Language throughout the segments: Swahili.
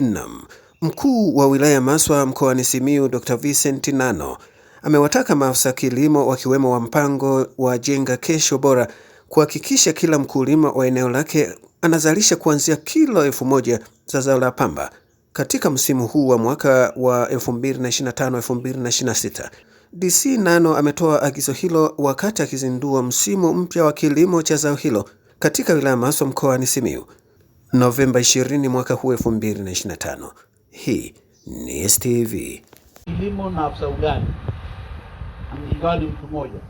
Nam. Mkuu wa wilaya Maswa mkoani Simiyu Dr. Vincent Nano amewataka maafisa kilimo wakiwemo wa mpango wa Jenga Kesho Bora kuhakikisha kila mkulima wa eneo lake anazalisha kuanzia kilo elfu moja za zao la pamba katika msimu huu wa mwaka wa 2025-2026. DC Nano ametoa agizo hilo wakati akizindua msimu mpya wa kilimo cha zao hilo katika wilaya Maswa mkoani Simiyu. Novemba 20 mwaka huu 2025. Hii ni STV. Kilimo na afisa ugani ingawa ni mtu mmoja,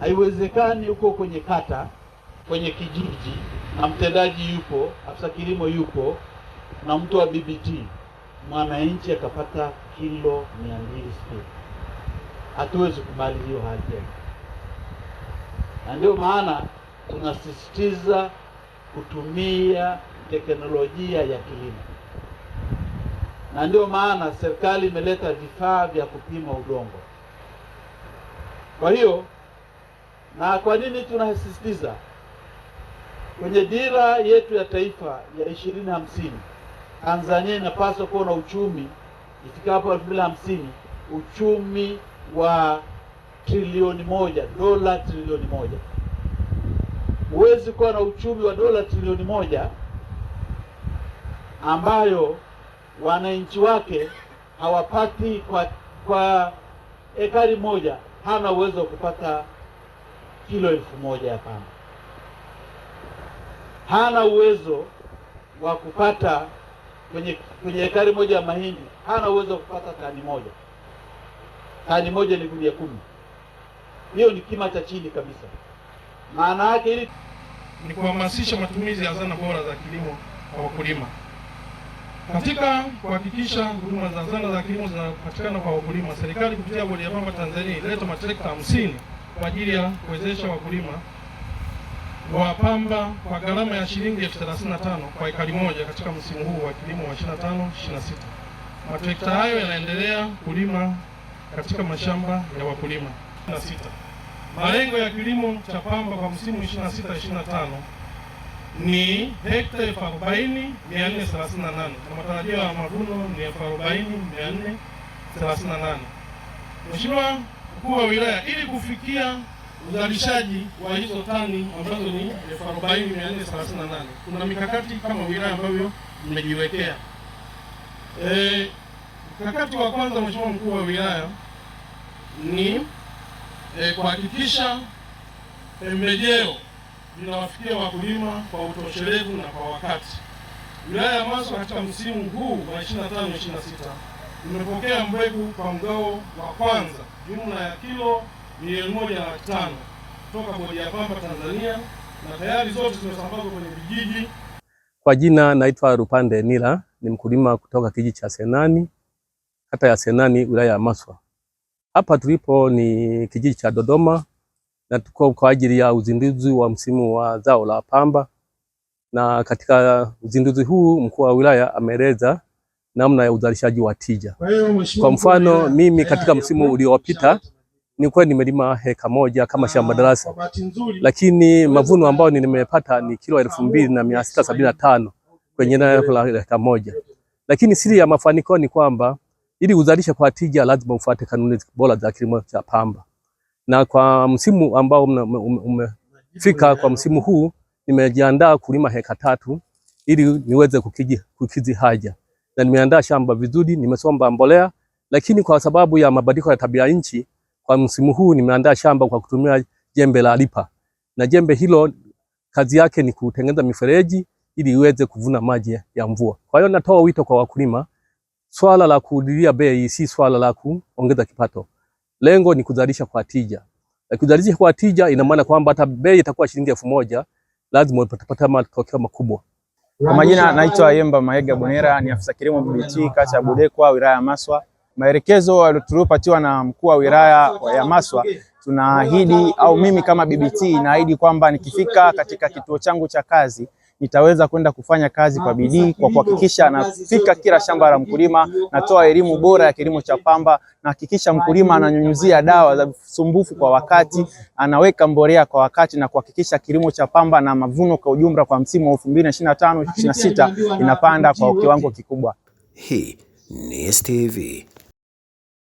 haiwezekani huko kwenye kata, kwenye kijiji, na mtendaji yupo, afisa kilimo yupo, na mtu wa BBT, mwananchi akapata kilo 200 sitini. Hatuwezi kubali hiyo hali tena, na ndio maana tunasisitiza kutumia teknolojia ya kilimo, na ndio maana serikali imeleta vifaa vya kupima udongo. Kwa hiyo na kwa nini tunasisitiza kwenye dira yetu ya taifa ya ishirini hamsini, Tanzania inapaswa kuwa na uchumi ifikapo elfu mbili hamsini uchumi wa trilioni moja dola trilioni moja. Huwezi kuwa na uchumi wa dola trilioni moja ambayo wananchi wake hawapati kwa, kwa ekari moja hana uwezo wa kupata kilo elfu moja ya pamba, hana uwezo wa kupata kwenye kwenye ekari moja ya mahindi hana uwezo wa kupata tani moja. Tani moja ni gunia kumi. Hiyo ni kima cha chini kabisa. Maana yake ili ni kuhamasisha matumizi ya zana bora za kilimo kwa wakulima. Katika kuhakikisha huduma za zana za kilimo zinapatikana kwa wakulima, serikali kupitia Bodi ya Pamba Tanzania ileta matrekta hamsini kwa ajili ya kuwezesha wakulima wa pamba kwa gharama ya shilingi elfu thelathini na tano kwa ekari moja katika msimu huu wa kilimo wa 25 26. Matrekta hayo yanaendelea kulima katika mashamba ya wakulima. Malengo ya kilimo cha pamba kwa msimu 26 25 ni hekta elfu arobaini mia nne thelathini na nane na matarajio ya mavuno ni elfu arobaini mia nne thelathini na nane Mheshimiwa mkuu wa wilaya, ili kufikia uzalishaji wa hizo tani ambazo ni elfu arobaini mia nne thelathini na nane kuna mikakati kama wilaya ambavyo imejiwekea E, mkakati wa kwanza Mheshimiwa mkuu wa wilaya ni e, kuhakikisha pembejeo zinawafikia wakulima kwa utoshelevu na kwa wakati. Wilaya ya Maswa katika msimu huu wa 25 26 imepokea mbegu kwa mgao wa kwanza jumla ya kilo milioni moja laki tano kutoka Bodi ya Pamba Tanzania na tayari zote zimesambazwa kwenye vijiji. Kwa jina naitwa rupande Nila, ni mkulima kutoka kijiji cha Senani, kata ya Senani, wilaya ya Maswa. Hapa tulipo ni kijiji cha Dodoma na tuko kwa ajili ya uzinduzi wa msimu wa zao la pamba. Na katika uzinduzi huu mkuu wa wilaya ameeleza namna ya uzalishaji wa tija. Kwa mfano, mimi katika msimu uliopita nilikuwa nimelima heka moja kama ah, shamba darasa, lakini mavuno ambayo nimepata ni kilo elfu mbili na mia sita sabini na tano kwenye eneo la heka moja. Lakini siri ya mafanikio ni kwamba ili uzalisha kwa tija, lazima ufuate kanuni bora za kilimo cha pamba na kwa msimu ambao umefika ume, ume, kwa msimu huu nimejiandaa kulima heka tatu ili niweze kukiji, kukizi haja na nimeandaa shamba vizuri, nimesomba mbolea, lakini kwa sababu ya mabadiliko ya tabia nchi kwa msimu huu nimeandaa shamba kwa kutumia jembe la lipa, na jembe hilo kazi yake ni kutengeneza mifereji ili iweze kuvuna maji ya mvua. Kwa hiyo natoa wito kwa wakulima, swala la kudilia bei si swala la kuongeza kipato lengo ni kuzalisha kwa tija. Kuzalisha kwa tija ina maana kwamba hata bei itakuwa shilingi elfu moja lazima utapata matokeo makubwa. Kwa majina naitwa Yemba Maega Bonera, ni afisa kilimo BBT kata ya Budekwa, wilaya ya Maswa. Maelekezo tuliopatiwa na mkuu wa wilaya ya Maswa, tunaahidi au mimi kama BBT naahidi kwamba nikifika katika kituo changu cha kazi nitaweza kwenda kufanya kazi kwa ah, bidii kwa kuhakikisha nafika kila shamba la mkulima, natoa elimu bora ya kilimo cha pamba, nahakikisha mkulima ananyunyuzia dawa za sumbufu kwa wakati, anaweka mbolea kwa wakati, na kuhakikisha kilimo cha pamba na mavuno kwa ujumla kwa msimu wa 2025 26 inapanda kwa kiwango kikubwa. Hii ni STV.